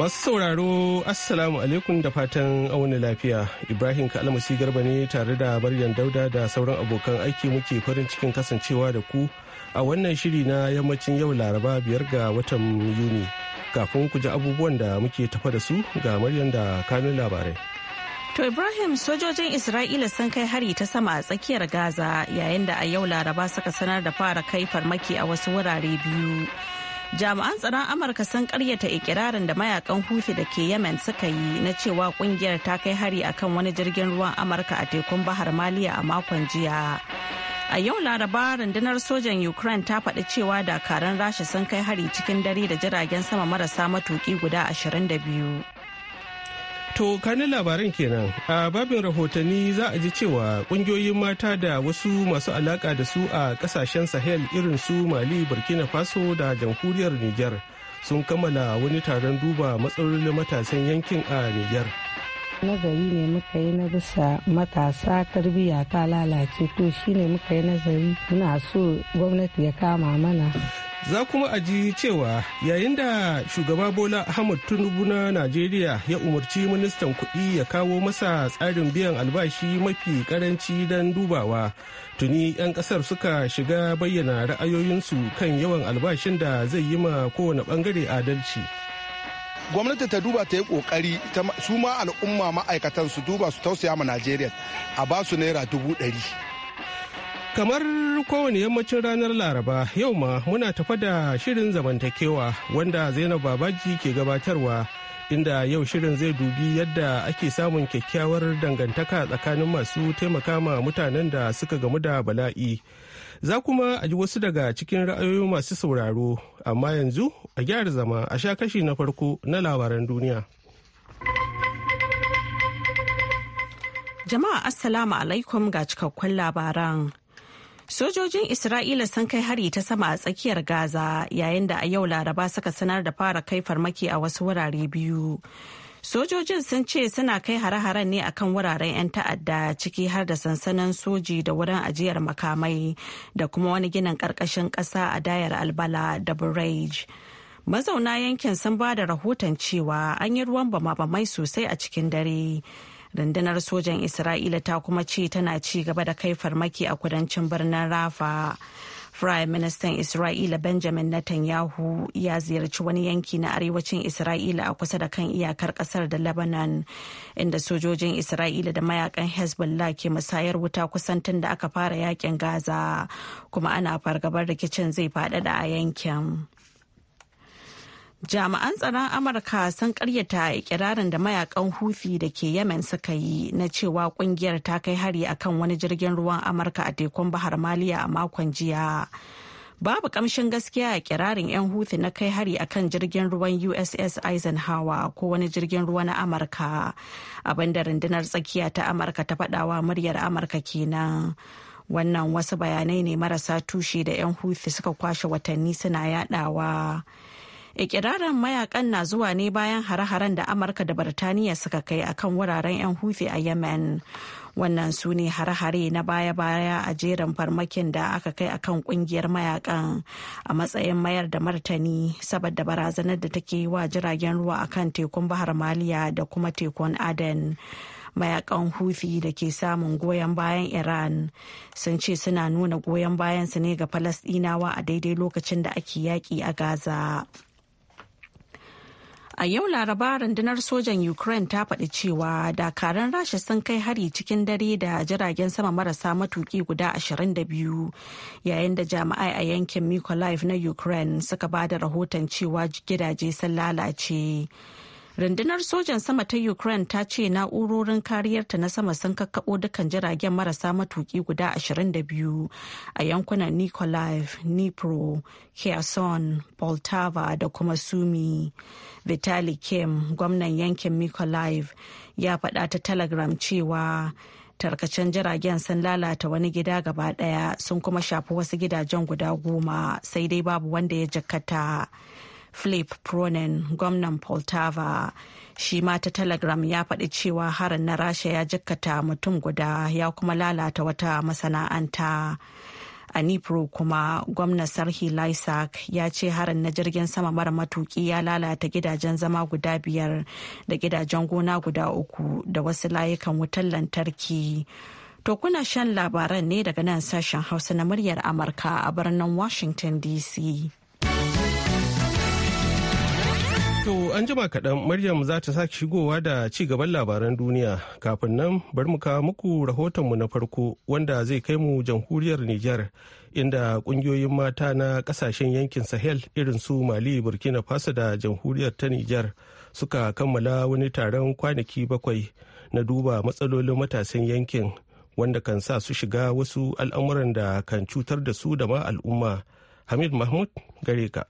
Masu sauraro Assalamu alaikum da fatan auni lafiya. Ibrahim Kalmasi Garba ne tare da Maryam Dauda da sauran abokan aiki muke farin cikin kasancewa da ku a wannan shiri na yammacin yau Laraba biyar ga watan Yuni. Kafin ku ji abubuwan da muke tafa da su ga Maryam da kanun labarai. To Ibrahim sojojin Isra'ila sun kai hari ta sama a tsakiyar Gaza yayin da a yau Laraba suka sanar da fara kai farmaki a wasu wurare biyu. jami'an tsaron amurka sun karyata ikirarin da mayakan huthi da ke yemen suka yi na cewa kungiyar ta kai hari akan wani jirgin ruwan amurka a tekun bahar maliya a makon jiya a yau laraba rundunar sojan ukraine ta faɗi cewa dakaran rasha sun kai hari cikin dare da jiragen sama marasa matuki guda 22 To kanin labaran kenan a babin rahotanni za a ji cewa kungiyoyin mata da wasu masu alaka da su a kasashen Sahel irin su Mali, Burkina Faso da jamhuriyar niger sun kammala wani taron duba matsalolin matasan yankin a niger. nazari ne muka yi na bisa matasa tarbiyya ta lalace to shine muka yi nazari muna so gwamnati ya kama mana za kuma a ji cewa yayin da shugaba bola ahmad Tunubu na najeriya ya umarci ministan kuɗi ya kawo masa tsarin biyan albashi mafi karanci don dubawa tuni 'yan ƙasar suka shiga bayyana ra'ayoyinsu kan yawan albashin da zai yi ma kowane ɓangare adalci gwamnati ta duba ta yi kokari su ma al'umma ma'aikatan su duba su tausaya ma najeriya a ba su naira dubu ɗari kamar kowane yammacin ranar laraba yau ma muna tafa da shirin zamantakewa wanda zainab babaji ke gabatarwa inda yau shirin zai dubi yadda ake samun kyakkyawar dangantaka tsakanin masu taimaka ma mutanen da suka gamu da bala'i za kuma a ji wasu daga cikin ra'ayoyi masu sauraro amma yanzu a gyara zama a sha kashi na farko na labaran duniya jama'a assalamu alaikum ga cikakkun labaran Sojojin Isra'ila sun kai hari ta sama a tsakiyar Gaza yayin da a yau Laraba suka sanar da fara kai farmaki a wasu wurare biyu. Sojojin sun ce suna kai hare-haren ne akan wuraren 'yan ta'adda ciki har da sansanin soji da wurin ajiyar makamai da kuma wani ginin ƙarƙashin ƙasa a dayar albala da Burej. Mazauna yankin sun ba da rahoton cewa an yi ruwan bama-bamai sosai a cikin dare. rundunar sojan isra'ila ta kuma ce tana ci gaba da kai farmaki a kudancin birnin rafa Prime Ministan Isra'ila Benjamin Netanyahu ya ziyarci wani yanki na arewacin Isra'ila a kusa da kan iyakar kasar da Lebanon inda sojojin Isra'ila da mayakan Hezbollah ke musayar wuta kusan tun da aka fara yakin Gaza kuma ana fargabar rikicin zai faɗaɗa a yankin. Jami'an tsaron Amurka sun karyata ikirarin da mayakan hufi da ke Yemen suka yi na cewa kungiyar ta kai hari akan wani jirgin ruwan Amurka a tekun Bahar Maliya a makon jiya. Babu kamshin gaskiya a kirarin 'yan hufi na kai hari akan jirgin ruwan USS Eisenhower ko wani jirgin ruwa na Amurka. Abinda rundunar tsakiya ta Amurka ta faɗawa muryar Amurka kenan. Wannan wasu bayanai ne marasa tushe da 'yan hufi suka kwashe watanni suna yadawa. ikirarin mayakan na zuwa ne bayan hare-haren da amurka da birtaniya suka kai akan wuraren 'yan hufi a yemen wannan su ne hare-hare na baya-baya a jerin farmakin da aka kai akan kungiyar mayakan a matsayin mayar da martani saboda barazanar da take yi wa jiragen ruwa akan tekun bahar maliya da kuma tekun aden mayakan hufi da ke samun goyon bayan iran sun ce suna nuna goyon bayansu ne ga falasdinawa a daidai lokacin da ake yaƙi a gaza A yau Laraba rundunar sojan Ukraine ta faɗi cewa dakaran Rasha sun kai hari cikin dare da jiragen sama marasa matuki guda 22 yayin da jami'ai a yankin Mykolaiv na Ukraine suka ba da rahoton cewa gidaje sun lalace. rundunar sojan sama ta ukraine ta ce na'urorin kariyarta na sama sun kakkaɓo dukkan jiragen marasa matuki guda 22 a yankunan nikolaev nipro kherson poltava da kuma sumi vitali kim gwamnan yankin nikolaev ya faɗa ta telegram cewa tarkacen jiragen sun lalata wani gida gaba daya sun kuma shafi wasu gidajen guda goma sai dai babu wanda ya jikkata Philip Pronin gwamnan Poltava. Shi ma ta Telegram ya faɗi cewa harin na Rasha ya jikkata mutum guda ya kuma lalata wata masana'anta. a Nipro kuma gwamnan sarhi Lysak ya ce harin na jirgin sama mara matuki ya lalata gidajen zama guda biyar da gidajen gona guda uku da wasu layukan wutar lantarki. To kuna shan labaran ne daga nan sashen Hausa na muryar Amurka a birnin Washington DC. To an jima kaɗan Maryam za ta sake shigowa da ci gaban labaran duniya kafin nan bar mu kawo muku rahotonmu na farko wanda zai kai mu jamhuriyar Nijar inda ƙungiyoyin mata na ƙasashen yankin Sahel irin su Mali Burkina Faso da jamhuriyar ta Nijar suka kammala wani taron kwanaki bakwai na duba matsalolin matasan yankin wanda kan sa su shiga wasu al'amuran da kan cutar da su da ma al'umma. Hamid Mahmud gare ka.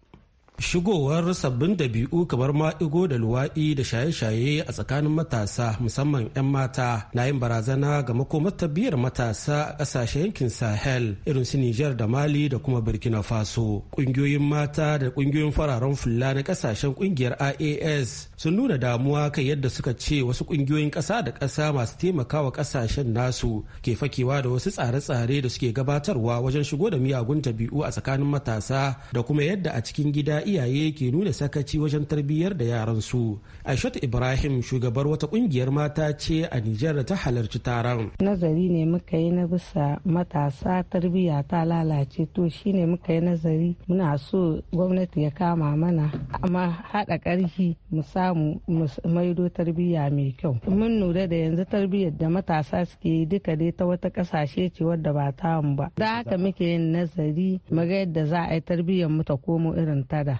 shigowar sabbin dabi'u kamar maigo da luwaɗi da shaye-shaye a tsakanin matasa musamman 'yan mata na yin barazana ga makomar tabbiyar matasa a ƙasashen yankin sahel irin su nijar da mali da kuma burkina faso ƙungiyoyin mata da ƙungiyoyin fararen fulla na ƙasashen ƙungiyar ias sun nuna damuwa kan yadda suka ce wasu ƙungiyoyin ƙasa da ƙasa masu taimakawa ƙasashen nasu ke fakewa da wasu tsare-tsare da suke gabatarwa wajen shigo da miyagun dabi'u a tsakanin matasa da kuma yadda a cikin gida iyaye ke nuna sakaci wajen tarbiyyar da yaransu. Aishatu Ibrahim shugabar wata kungiyar mata ce a Nijar da ta halarci taron. Nazari ne muka yi na bisa matasa tarbiyya ta lalace to shine muka yi nazari muna so gwamnati ya kama mana amma haɗa ƙarfi mu samu maido tarbiyya mai kyau. Mun lura da yanzu tarbiyyar da matasa suke yi duka dai ta wata ƙasashe ce wadda ba ta ba. Da haka muke yin nazari mu ga yadda za a yi tarbiyyar mu ta komo irin tada.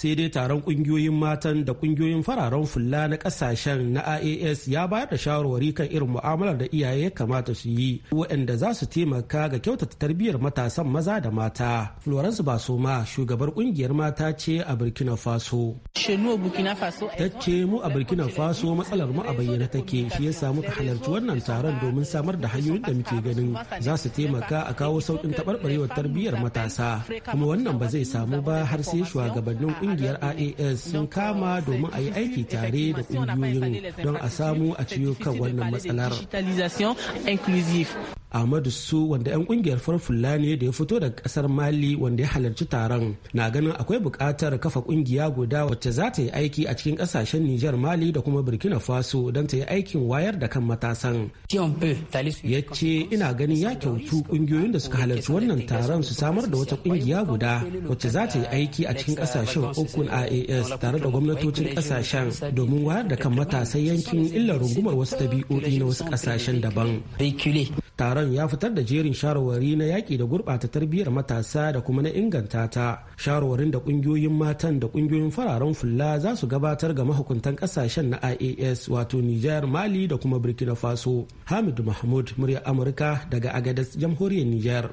sai dai taron kungiyoyin matan da kungiyoyin fararen fulla na kasashen na IAS ya bayar da shawarwari kan irin mu'amalar da iyaye ya kamata su yi waɗanda za su taimaka ga kyautata tarbiyyar matasan maza da mata. Florence Basoma shugabar kungiyar mata ce a Burkina Faso. Ta ce mu a Burkina Faso matsalar mu a bayyana take shi ya samu ta halarci wannan taron domin samar da hanyoyin da muke ganin za su taimaka a kawo sauƙin taɓarɓarewar tarbiyyar matasa kuma wannan ba zai samu ba har sai shugabannin kungiyar IAS sun kama domin a yi aiki tare da kungiyoyin don a samu a ciyo kan wannan matsalar. Ahmadu Su wanda 'yan kungiyar farfulla ne da ya fito daga kasar Mali wanda ya halarci taron na ganin akwai bukatar kafa kungiya guda wacce za ta yi aiki a cikin kasashen Nijar Mali da kuma Burkina Faso don ta yi aikin wayar da kan matasan. Ya ce ina ganin ya kyautu kungiyoyin da suka halarci wannan taron su samar da wata kungiya guda wacce za ta yi aiki a cikin kasashen ukun IAS tare da gwamnatocin kasashen domin wayar da kan matasan yankin illar rungumar wasu tabi'o'i na wasu kasashen daban. Taron ya fitar da jerin shawarwari na yaƙi da gurɓata tarbiyyar matasa da kuma na inganta ta. Shawarwarin da ƙungiyoyin matan da ƙungiyoyin fararen fulla za su gabatar ga mahukuntan ƙasashen na IAS wato Nijar, Mali da kuma Burkina Faso. hamidu Mahmud, murya Amurka daga Agadez, Jamhuriyar Nijar.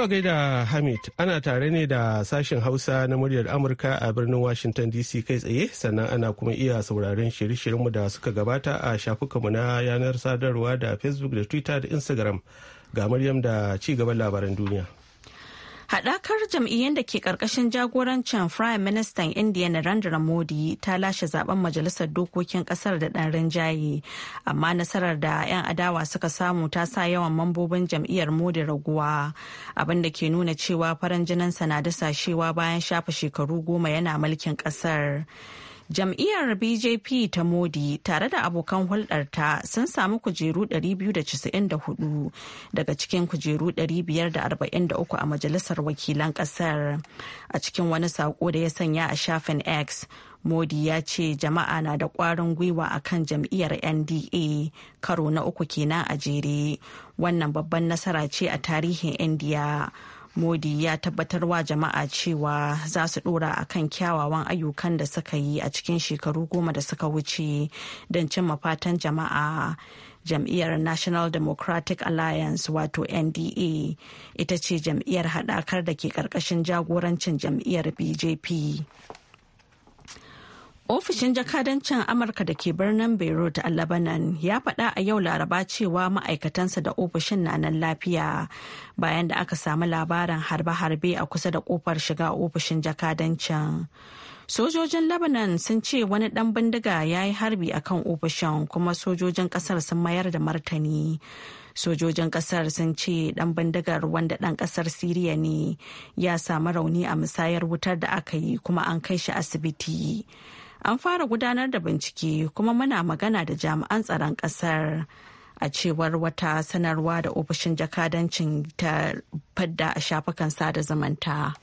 To gaida Hamid ana tare ne da sashen Hausa na muryar Amurka a birnin Washington DC kai tsaye sannan ana kuma iya sauraron shirye-shiryenmu da suka gabata a shafukanmu na yanar sadarwa da Facebook da Twitter da Instagram ga Maryam da ci gaban labaran duniya. Haɗakar jam'iyyun da ke ƙarƙashin jagorancin Prime Minister India Narendra Modi ta lashe zaben majalisar dokokin ƙasar da ɗan rinjaye, amma nasarar da 'yan adawa suka samu ta sa yawan mambobin jam'iyyar Modi raguwa, abinda ke nuna cewa farin jinansa na dasashewa bayan shafa shekaru goma yana mulkin ƙasar. Jam'iyyar BJP ta Modi tare da abokan hulɗarta sun samu kujeru 294 daga cikin kujeru 543 a Majalisar Wakilan ƙasar. A cikin wani saƙo da ya sanya a shafin X, Modi ya ce jama'a na da ƙwarin gwiwa a kan jam'iyyar NDA karo na uku kenan a jere. Wannan babban nasara ce a tarihin india. modi ya tabbatar wa jama'a cewa za su dora a kan kyawawan ayyukan da suka yi a cikin shekaru goma da suka wuce don cimma fatan jama'a jam'iyyar national democratic alliance wato nda ita ce jam'iyyar haɗakar da ke ƙarƙashin jagorancin jam'iyyar bjp Ofishin jakadancin Amurka da ke birnin Beirut a Lebanon ya faɗa a yau Laraba cewa ma'aikatansa da ofishin na nan lafiya bayan da aka samu labarin harbe-harbe a kusa da kofar shiga ofishin jakadancin. Sojojin Lebanon sun ce wani ɗan bindiga ya yi harbi a kan ofishin kuma sojojin ƙasar sun mayar da martani. Sojojin ƙasar sun ce ɗan bindigar wanda ɗan ƙasar Siriya ne ya samu rauni a musayar wutar da aka yi kuma an kai shi asibiti. An fara gudanar da bincike kuma muna magana da jami'an tsaron kasar a cewar wata sanarwa da ofishin jakadancin ta fadda a shafukan sada zumunta.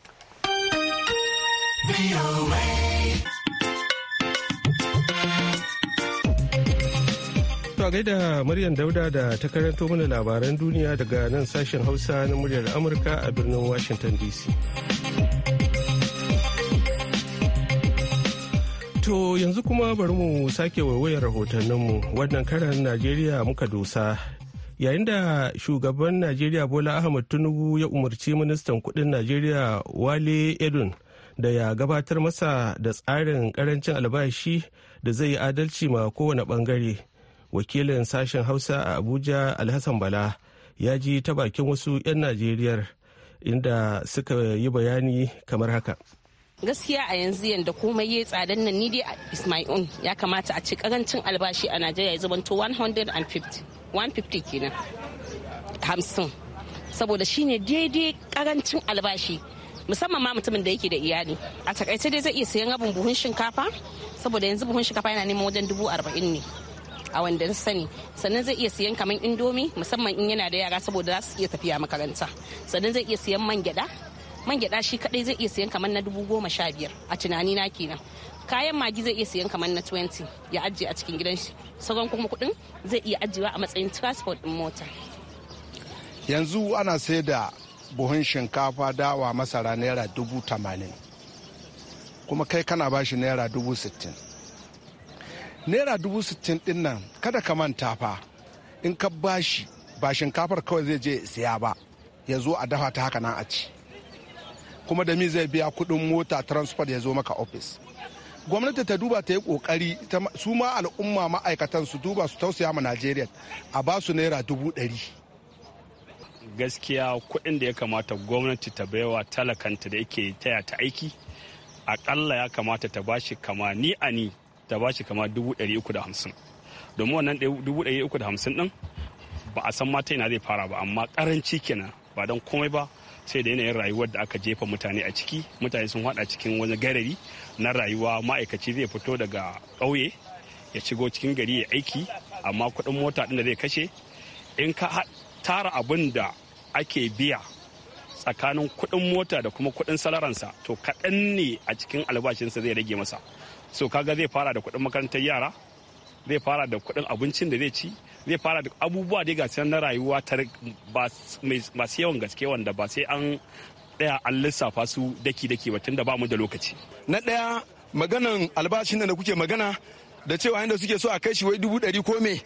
gaida Maryam Dauda da ta karanto mana labaran duniya daga nan sashen Hausa na muryar Amurka a birnin Washington DC. To yanzu kuma bari mu sake waiwayar rahotanninmu wannan karan Najeriya muka dosa. Yayin da shugaban Najeriya Bola Ahmad Tinubu ya umarci ministan kudin Najeriya Wale Edun da ya gabatar masa da tsarin karancin albashi da zai yi adalci ma kowane bangare. Wakilin sashen Hausa a Abuja Alhassan Bala ya ji ta bakin wasu 'yan Najeriyar inda suka yi bayani kamar haka. gaskiya a yanzu yanda komai ya tsadan nan ni dai is my own ya kamata a ci karancin albashi a najeriya ya zubanto 150 150 kenan hamsin saboda shine daidai karancin albashi musamman ma mutumin da yake da iyali a takaice dai zai iya sayan abun buhun shinkafa saboda yanzu buhun shinkafa yana neman wajen dubu arba'in ne a wanda na sani sannan zai iya siyan kamar indomi musamman in yana da yara saboda za su iya tafiya makaranta sannan zai iya siyan man gyada man gyada shi kadai zai iya sayan kamar na dubu goma sha biyar a tunani na kenan kayan magi zai iya sayan kamar na 20 ya ajiye a cikin gidan shi sauran kuma kudin zai iya ajiyewa a matsayin transport din mota yanzu ana sai da buhun shinkafa dawa masara naira dubu tamanin kuma kai kana bashi naira dubu sittin naira dubu sittin din nan kada ka manta fa in ka bashi ba shinkafar kawai zai je siya ba ya zo a dafa ta haka nan a ci kuma da mi zai biya kuɗin mota transport ya zo maka office gwamnati ta duba ta yi kokari su ma al'umma ma'aikatan su duba su tausaya ma najeriya a ba su naira dubu ɗari gaskiya kuɗin da ya kamata gwamnati ta baiwa talakanta da yake taya ta aiki akalla ya kamata ta bashi kama ni a ni ta bashi kama dubu ɗari uku da hamsin domin wannan dubu ɗari uku da hamsin ɗin ba a san mata yana zai fara ba amma karanci kenan ba don komai ba sai da yanayin rayuwar da aka jefa mutane a ciki mutane sun hada cikin wani garari na rayuwa ma'aikaci zai fito daga ƙauye ya shigo cikin gari ya aiki amma kuɗin mota ɗin da zai kashe in ka tara abin da ake biya tsakanin kuɗin mota da kuma kuɗin salaransa to kaɗan ne a cikin albashinsa zai rage masa so kaga zai fara da kuɗin makarantar yara zai fara da kuɗin abincin da zai ci zai fara da abubuwa dai gasu na rayuwa ta masu yawan gaske wanda ba sai an ɗaya an lissafa su daki-daki ba tunda ba mu da lokaci. Na ɗaya maganan albashin da kuke magana da cewa yadda suke so a kai shi wai dubu ɗari ko me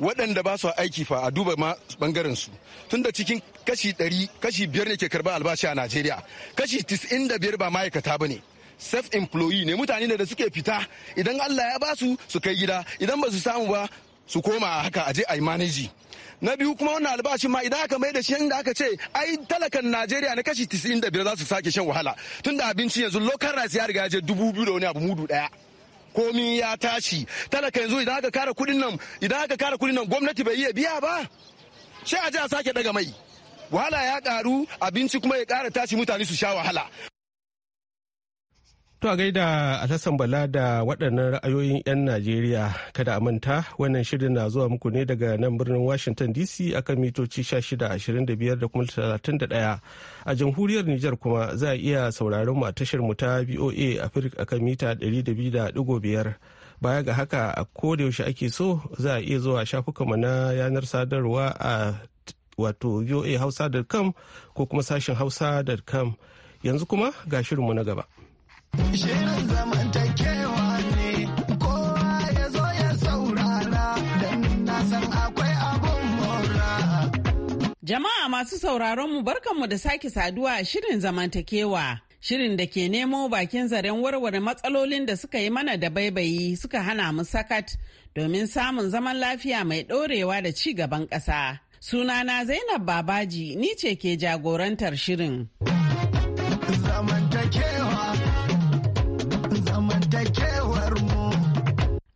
waɗanda ba su aiki fa a duba ma bangaren su tunda cikin kashi kashi biyar ne ke karɓar albashi a najeriya kashi 95 da biyar ba ma'aikata ba ne self employee ne mutane ne da suke fita idan Allah ya basu su kai gida idan ba su samu ba su koma haka aje a yi na biyu kuma wannan albashin ma idan aka mai da shi inda aka ce ai talakan najeriya na kashi 95 za su sake shan wahala tunda abinci yanzu local rice ya riga ya je dubu biyu da wani abu mudu daya komi ya tashi talaka yanzu idan aka kara kudin nan idan aka kara kudin nan gwamnati bai iya biya ba sai aje a sake daga mai wahala ya karu abinci kuma ya kara tashi mutane su sha wahala To a gaida a Alhassan Bala da waɗannan ra'ayoyin 'yan Najeriya kada a manta wannan shirin na zuwa muku ne daga nan birnin Washington DC a kan mitoci 1625 da kuma 31 a jamhuriyar Nijar kuma za a iya sauraron a tashar mu ta BOA Africa akan mita 200.5 baya ga haka a kodayaushe ake so za a iya zuwa shafukanmu na yanar sadarwa a wato voahausa.com ko kuma sashin hausa.com yanzu kuma ga shirinmu na gaba. Shirin zamantakewa ne kowa ya zo ya saurara don na san akwai abun Jama'a masu sauraron mu barkanmu da sake saduwa a shirin zamantakewa. Shirin da ke nemo bakin zaren warware matsalolin da suka yi mana da baibayi suka hana mu sakat domin samun zaman lafiya mai ɗorewa da ci gaban ƙasa. Sunana Zainab Babaji ni ce ke jagorantar shirin.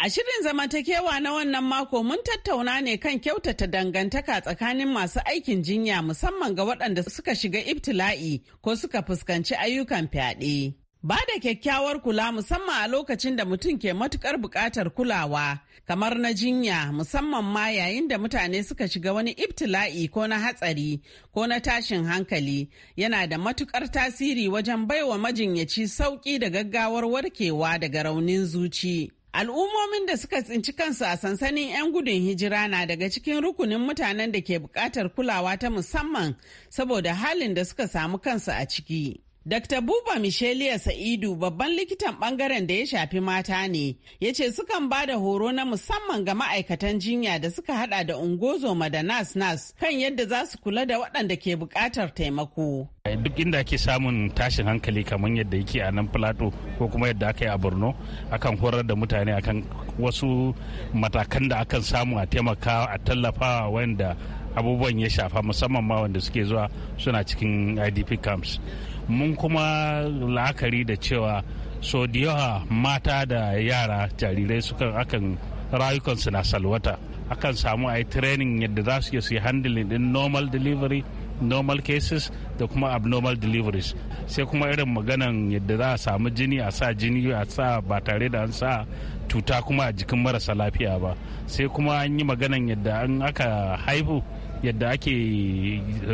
A shirin zamantakewa na wannan mako mun tattauna ne kan kyautata dangantaka tsakanin masu aikin jinya musamman ga waɗanda suka shiga ibtila'i ko suka fuskanci ayyukan fyaɗe. Ba da kyakkyawar kula musamman a lokacin da mutum ke matukar buƙatar kulawa, kamar na jinya musamman ma yayin da mutane suka shiga wani ibtila'i ko na hatsari ko na tashin hankali yana da matukar tasiri wajen baiwa majinyaci sauƙi da gaggawar warkewa daga raunin zuci. Al'ummomin da suka tsinci kansu a sansanin 'yan gudun hijira na daga cikin rukunin mutanen da ke bukatar kulawa ta musamman saboda halin da suka samu kansu a ciki. Dr. Buba Michelia Sa'idu babban likitan bangaren da ya shafi mata ne, ya ce sukan ba da horo na musamman ga ma'aikatan jinya da suka hada da ungozoma da nas-nas kan yadda za su kula da waɗanda ke buƙatar taimako. Duk inda ake samun tashin hankali kamar yadda yake a nan Filato ko kuma yadda aka yi a Borno, akan horar da mutane akan wasu matakan da akan samu a taimaka a tallafa wanda abubuwan ya shafa musamman ma wanda suke zuwa suna cikin idp camps mun kuma la'akari da cewa so da yawa mata da yara jarirai suka akan rayukansu na salwata akan samu a yi training yadda za su su yi handling din normal delivery normal cases da kuma abnormal deliveries sai kuma irin maganan yadda za a samu jini a sa jini a sa ba tare da an sa tuta kuma a jikin marasa lafiya ba sai kuma an yi maganan yadda an aka haihu yadda ake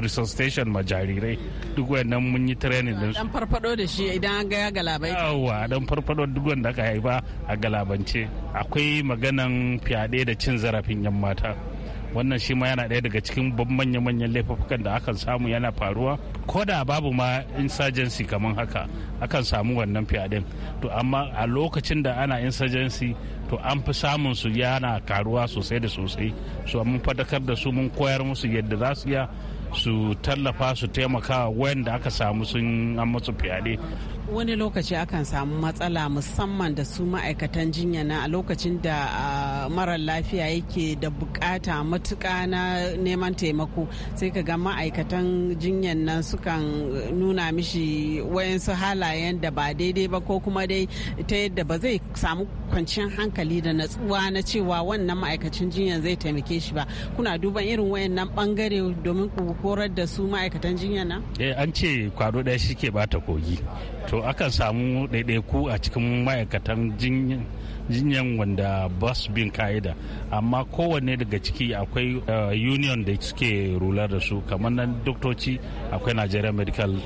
resuscitation ma jarirai duk wannan mun yi training din dan farfado da shi idan an ga ya galabai yawa dan farfado duk wanda aka haifa a galabance akwai maganan fyaɗe da cin zarafin yan mata wannan shi ma yana ɗaya daga cikin manya-manyan laifukan da akan samu yana faruwa ko da babu ma insurgency kamar haka akan samu wannan fyaɗen to amma a lokacin da ana insurgency to an fi samun su yana karuwa sosai da sosai su mun fadakar da su mun koyar musu yadda za su iya su tallafa su taimaka wayanda aka samu sun an musu fyaɗe wani lokaci akan samu matsala musamman da su ma'aikatan jinya na a lokacin da marar lafiya yake da bukata matuka na neman taimako sai ka ga ma'aikatan jinyan nan sukan nuna mishi wayansu halayen da ba daidai ba ko kuma dai ta yadda ba zai samu kwanciyar hankali da natsuwa na cewa wannan ma'aikacin jinya zai taimake shi ba kuna duba irin wayannan bangare domin ku horar da su ma'aikatan jinya na? Eh, an ce kwado ɗaya shi ke bata kogi to akan samu ɗaiɗaiku a cikin ma'aikatan jinyan wanda ba bin ka'ida amma kowanne daga ciki akwai eh, union da suke rular da su kamar nan doktoci akwai nigeria medical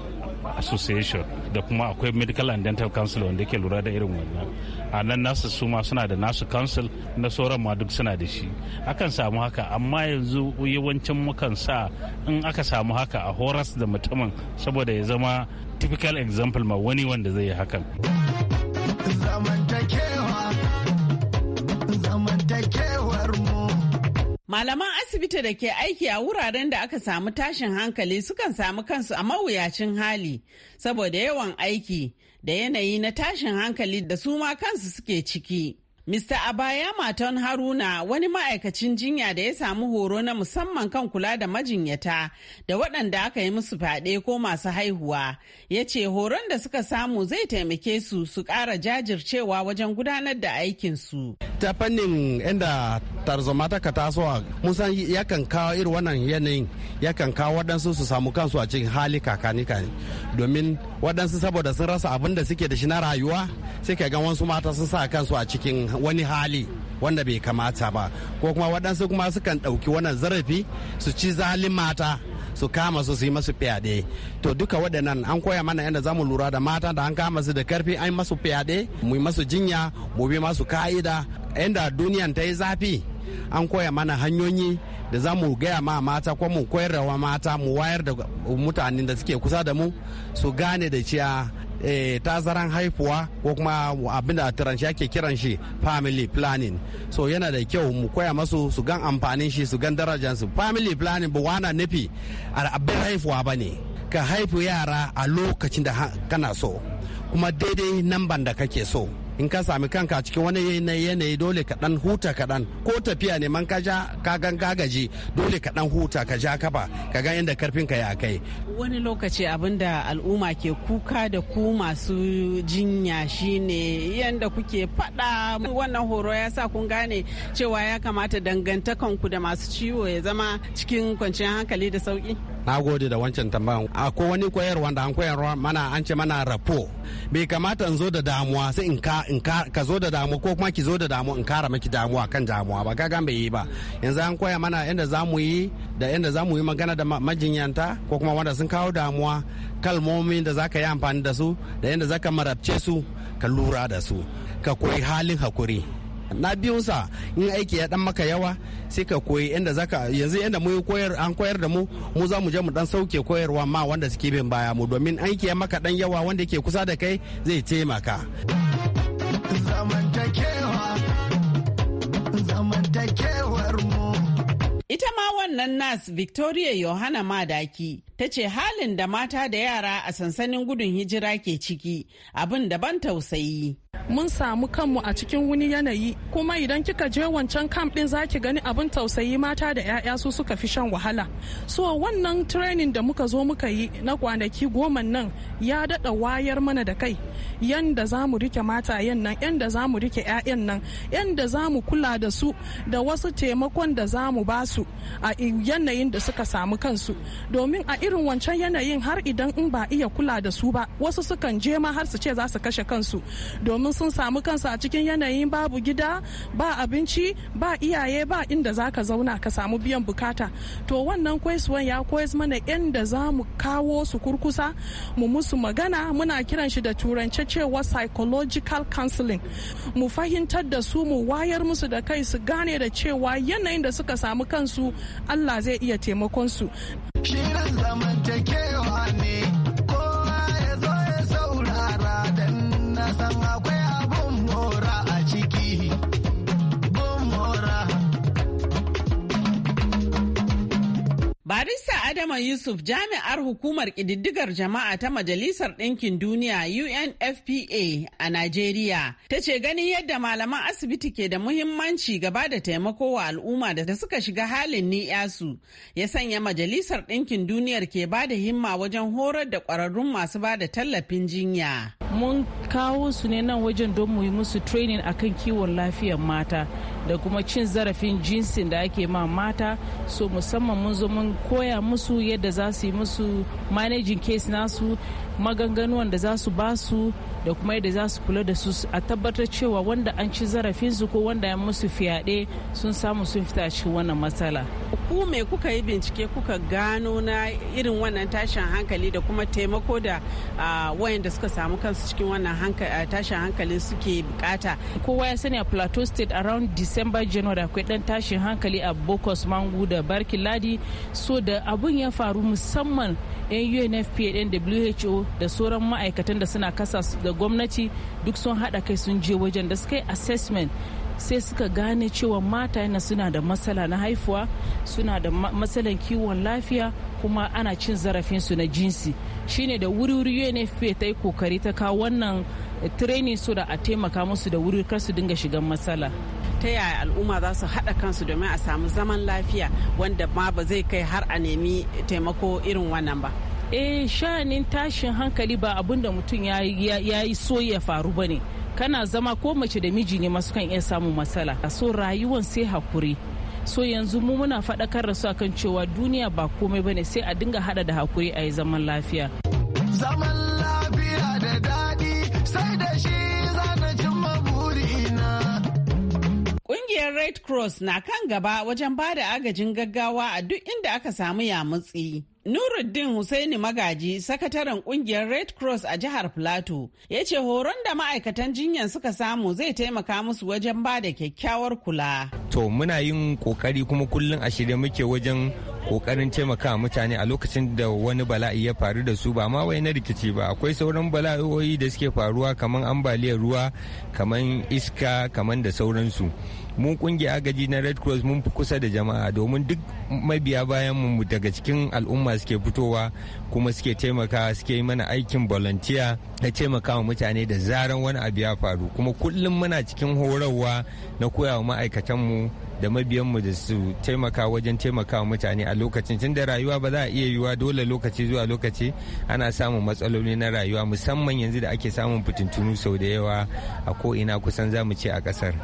association da kuma akwai medical and dental council wanda ke lura da irin wannan a nan nasu su suna da nasu council na sauran ma duk suna da shi akan samu haka amma yanzu yawancin mukan sa in aka samu haka a horas da mutumin saboda ya zama typical example ma wani wanda zai yi hakan Malaman asibiti da ke aiki a wuraren da aka samu tashin hankali sukan samu kansu a mawuyacin hali saboda yawan aiki da yanayi na tashin hankali da su ma kansu suke ciki. Mr. Abaya Maton Haruna wani ma'aikacin jinya da ya samu horo na musamman kan kula da majinyata da waɗanda aka yi musu fyaɗe ko masu haihuwa ya ce horon da suka samu zai taimake su su ƙara jajircewa wajen gudanar da aikinsu. Ta fannin inda tarzoma ta ka tasowa musan yakan kawo irin wannan yanayin yakan kawo waɗansu su samu kansu a cikin hali kakani domin waɗansu saboda sun rasa abin da suke da shi na rayuwa sai ka ga wasu mata sun sa kansu a cikin wani hali wanda bai kamata ba ko kuma waɗansu kuma sukan ɗauki wannan zarafi su ci zalin mata su kama su su yi masu fyaɗe to duka waɗannan an koya mana yadda mu lura da mata da an kama su da karfi an masu fyaɗe mu yi masu jinya mu bi masu ka'ida inda duniyan ta yi zafi an koya mana hanyoyi da za mu gaya ma mata ko mu koyar da mata mu wayar da mutanen da suke kusa da mu su gane da cewa Eh, tazaran haifuwa ko kuma abinda a turanci ake kiran shi family planning so yana da kyau mu koya masu su gan amfanin shi su gan darajansu family planning ba wana nufi abin haifuwa ba ne ka haifu yara a lokacin da kana so kuma daidai nan da kake so in ka sami kanka cikin wani yanayi dole ka dan huta ka dan ko tafiya ne man ka ja ka gan gagaje dole ka dan huta ka ja kafa ka gan inda karfin ka ya kai wani lokaci abinda da al'umma ke kuka da ku masu jinya shine yanda kuke fada wannan horo ya sa kun gane cewa ya kamata dangantakan ku da masu ciwo ya zama cikin kwanciyar hankali da sauki na gode da wancan tambayan ko wani koyarwa da an koyarwa mana an ce mana rapo bai kamata in zo da damuwa sai in ka in ka zo da damu ko kuma ki zo da damu in kara maki damuwa kan damuwa ba kaga bai yi ba yanzu an koya mana yadda za mu yi da yadda za mu yi magana da majinyanta ko kuma wanda sun kawo damuwa kalmomin da za ka yi amfani da su da yadda za ka marabce su ka lura da su ka koyi halin hakuri na biyunsa in aiki ya dan maka yawa sai ka koyi inda zaka yanzu inda mu koyar an koyar da mu mu za mu je mu dan sauke koyarwa ma wanda suke bin baya mu domin aiki ya maka dan yawa wanda yake kusa da kai zai taimaka. Ita ma wannan nas Victoria Yohana Madaki ta ce halin da mata da yara a sansanin gudun hijira ke ciki abin da ban tausayi. mun samu kanmu a cikin wani yanayi kuma idan kika je wancan camp din zaki gani abin tausayi mata da 'ya'ya su suka fi shan wahala so wannan training da muka zo muka yi na kwanaki goma nan ya daɗa wayar mana da kai yanda za mu rike matayen nan yanda za mu rike 'ya'yan nan yanda za mu kula da su da wasu taimakon da za mu ba a yanayin da suka samu kansu domin a irin wancan yanayin har idan in ba iya kula da su ba wasu sukan je ma har su ce za su kashe kansu domin sun samu kansu a cikin yanayin babu gida ba abinci ba iyaye ba inda za ka zauna ka samu biyan bukata to wannan kwaisuwan ya koyas mana inda za mu kawo su kurkusa mu musu magana muna kiran shi da turance cewa psychological counseling mu fahimtar da su mu wayar musu da kai su gane da cewa yanayin da suka samu kansu allah zai iya taimakon su Barista Adama Yusuf jami'ar hukumar ƙididdigar jama'a ta Majalisar Ɗinkin Duniya UNFPA a Najeriya ta ce ganin yadda malaman asibiti ke da muhimmanci gaba da taimako wa al'umma da suka shiga halin ni'yasu ya sanya Majalisar Ɗinkin Duniyar ke ba da himma wajen horar da ƙwararrun masu ba da tallafin jinya. Mun kawo su ne nan wajen don mu yi musu training akan kiwon lafiyar mata da kuma cin zarafin jinsin da ake ma mata so musamman mun zo mun koya musu yadda za su yi musu managing case nasu maganganuwan wanda za su ba su da kuma yadda za su kula da su a tabbatar cewa wanda an ci zarafin su ko wanda ya musu fyaɗe sun samu sun fita cikin wannan matsala. ku me kuka yi bincike kuka gano na irin wannan tashin hankali da kuma taimako da wayanda suka samu kansu cikin wannan tashin hankali suke bukata. kowa ya sani a plateau state around december january akwai dan tashin hankali a bokos mangu da barkin ladi so da abun ya faru musamman yan unfpa ɗin who da sauran ma'aikatan da suna kasa da gwamnati duk sun haɗa kai sun je wajen da suka yi assessment sai suka gane cewa mata yana suna da matsala na haifuwa suna da matsalan kiwon lafiya kuma ana cin zarafinsu na jinsi shine da wuri-wuri unfpa ta yi kokari ta kawo wannan training so da a taimaka musu da wuri kar su dinga shigan matsala ta yaya al'umma za su haɗa kansu domin a samu zaman lafiya wanda ma ba zai kai har a nemi taimako irin wannan ba eh shanin tashin hankali ba abin da mutum ya yi so ya faru ba ne kana zama ko mace da miji ne masu kan iya samun matsala a so rayuwan sai hakuri so yanzu mu muna faɗakar da su akan cewa duniya ba komai ba ne sai a dinga haɗa da hakuri a yi zaman lafiya zaman lafiya Ƙungiyar Red Cross na kan gaba wajen ba da agajin gaggawa a duk inda aka samu yamutsi. Nuruddin Hussaini Magaji, sakataren kungiyar Red Cross a jihar Plateau, ya ce horon da ma'aikatan jinyar suka samu zai taimaka musu wajen ba da kyakkyawar kula. To muna yin kokari kuma kullum a shirye muke wajen kokarin taimaka mutane a lokacin da wani bala'i ya faru da su ba ma wai na rikici ba akwai sauran bala'o'i da suke faruwa kamar ambaliyar ruwa kamar iska kamar da sauransu. mun kungiya agaji na red cross mun fi kusa da jama'a domin duk mabiya bayan mu daga cikin al'umma suke fitowa kuma suke taimakawa suke yi mana aikin volunteer na taimakawa mutane da zaran wani abu ya faru kuma kullum muna cikin horarwa na koyawa ma'aikatanmu da mabiyanmu da su taimaka wajen taimakawa mutane a lokacin tun da rayuwa ba za a iya yiwuwa dole lokaci zuwa lokaci ana samun matsaloli na rayuwa musamman yanzu da ake samun fitintunu sau da yawa a ko ina kusan za mu ce a kasar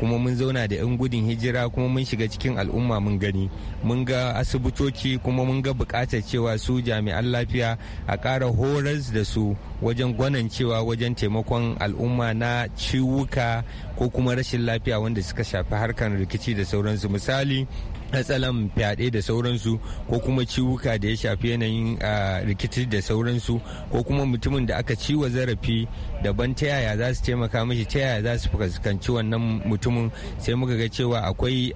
kuma mun zauna da 'yan gudun hijira kuma mun shiga cikin al'umma mun gani mun ga asibitoci kuma mun ga bukatar cewa su jami'an lafiya a kara horas da su wajen gwanancewa wajen taimakon al'umma na ciwuka ko kuma rashin lafiya wanda suka shafi harkar rikici da sauransu misali matsalan fyaɗe da sauransu ko kuma ciwuka da ya shafi yanayin rikici da sauransu ko kuma mutumin da aka ciwa zarafi daban ta yaya za su taimaka mashi ta yaya za su fuskanci wannan mutumin sai muka ga cewa akwai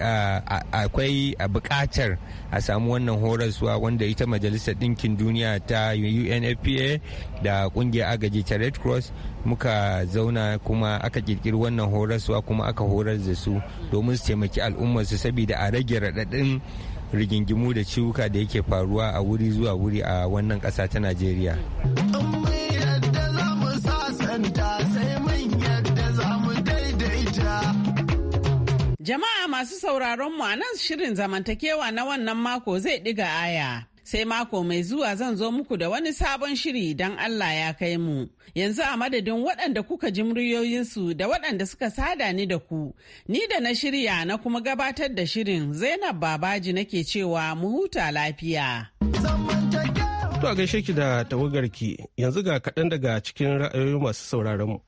akwai buƙatar a samu wannan horaswa wanda ita majalisar ɗinkin duniya ta unfpa da ƙungiyar agaji ta red cross muka zauna kuma aka kirkiri wannan horaswa kuma aka horar da su domin su taimaki al'ummarsu saboda a rage raɗaɗin rigingimu da ciwuka da yake faruwa a wuri zuwa wuri a wannan ƙasa ta najeriya Jama'a masu sauraron mu a nan shirin zamantakewa na wannan mako zai ɗiga aya. sai mako mai zuwa zan zo muku da wani sabon shiri don Allah ya kai mu. Yanzu a madadin waɗanda kuka ji muryoyinsu da waɗanda suka sada ni da ku, ni da na shirya na kuma gabatar da shirin Zainab Babaji nake cewa mu huta lafiya. To a gaishe ki da tawagarki yanzu ga kaɗan daga cikin ra'ayoyi masu sauraron mu.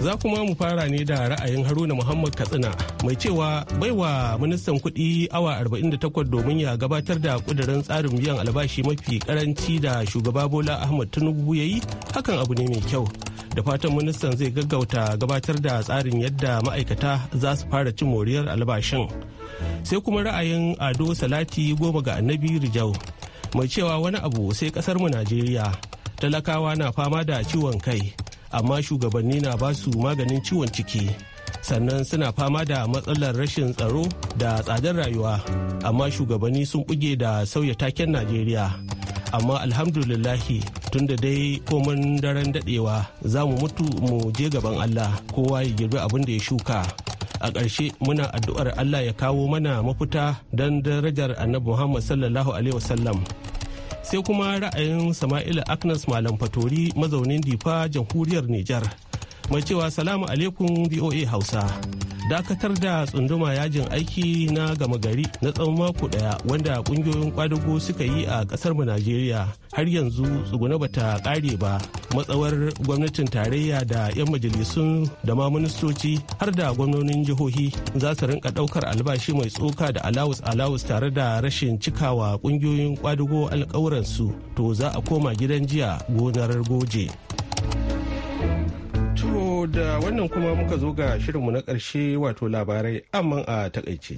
Za kuma mu fara ne da ra'ayin Haruna Muhammad Katsina mai cewa baiwa ministan kuɗi awa 48 domin ya gabatar da kudirin tsarin biyan albashi mafi karanci da shugaba Bola Ahmad Tinubu ya yi hakan abu ne mai kyau. Da fatan ministan zai gaggauta gabatar da tsarin yadda ma'aikata za su fara cin moriyar albashin. Sai kuma ra'ayin Ado Salati goma ga Annabi Rijau mai cewa wani abu sai kasar mu Najeriya talakawa na fama da ciwon kai amma shugabanni na ba su maganin ciwon ciki sannan suna fama da matsalar rashin tsaro da tsadar rayuwa amma shugabanni sun buge da sauya taken najeriya amma alhamdulillahi tun da dai komin daren dadewa za mu mutu mu je gaban allah kowa ya girbi abin da ya shuka a ƙarshe muna addu'ar allah ya kawo mana mafita don darajar annabi muhammad sallallahu alaihi wasallam sai kuma ra'ayin sama'ila agnes malam fatori mazaunin difa jamhuriyar nijar mai cewa salamu alaikum voa hausa dakatar da tsunduma yajin aiki na gama gari na tsawon mako daya wanda kungiyoyin kwadugo suka yi a kasar mu najeriya har yanzu tsuguna bata kare ba matsawar gwamnatin tarayya da 'yan majalisun da ma ministoci har da gwamnonin jihohi za su rinka daukar albashi mai tsoka da alawus alawus tare da rashin cikawa kungiyoyin kwadugo alkawuransu to za a koma gidan jiya gonar goje da wannan kuma muka zo ga shirinmu na ƙarshe wato labarai amma a takaice.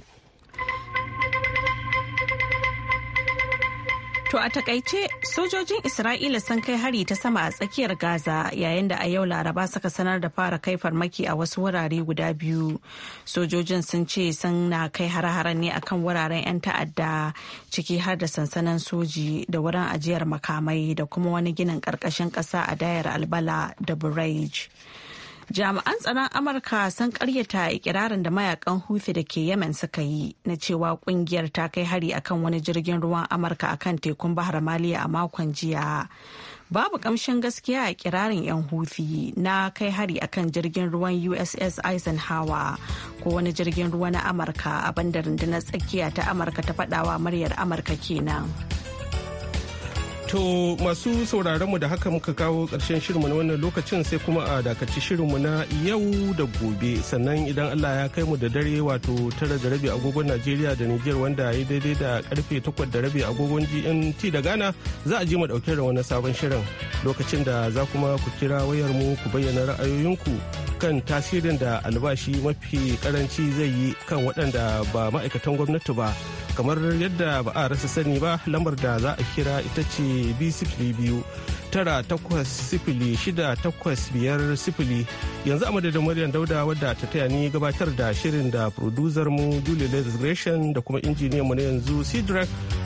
To a takaice sojojin Isra'ila sun kai hari ta sama a tsakiyar Gaza yayin da a yau Laraba suka sanar da fara kai farmaki a wasu wurare guda biyu. Sojojin sun ce sun na kai har haren ne akan wuraren 'yan ta'adda ciki har da sansanin soji da wurin ajiyar makamai da kuma wani ginin ƙarƙashin ƙasa a dayar albala da Burej. jami'an tsaron amurka sun karyata ikirarin da mayakan hufi da ke yemen suka yi na cewa kungiyar ta kai hari akan wani jirgin ruwan amurka akan tekun bahar maliya a makon jiya babu kamshin gaskiya a kirarin 'yan hufi na kai hari akan jirgin ruwan uss eisenhower ko wani jirgin ruwa na amurka a bandar rundunar tsakiya ta amurka ta faɗawa muryar amurka kenan. To masu sauraronmu da haka muka kawo ƙarshen shirinmu na wannan lokacin sai kuma a dakaci shirinmu na yau da gobe sannan idan Allah ya kai mu da dare wato tara da rabi agogon Najeriya da Niger wanda ya daidai da karfe takwas da rabi agogon GMT da Ghana za a ji mu ɗauke da wani sabon shirin lokacin da za kuma ku kira wayar mu ku bayyana ra'ayoyinku kan tasirin da albashi mafi karanci zai yi kan waɗanda ba ma'aikatan gwamnati ba. kamar yadda ba a rasa sani ba lambar da za a kira ita ce biyu tara takwas sifili shida takwas biyar sifili yanzu a madadin maryam dauda wadda ta taya ni gabatar da shirin da producer mu julie da kuma injiniyan mu na yanzu cedric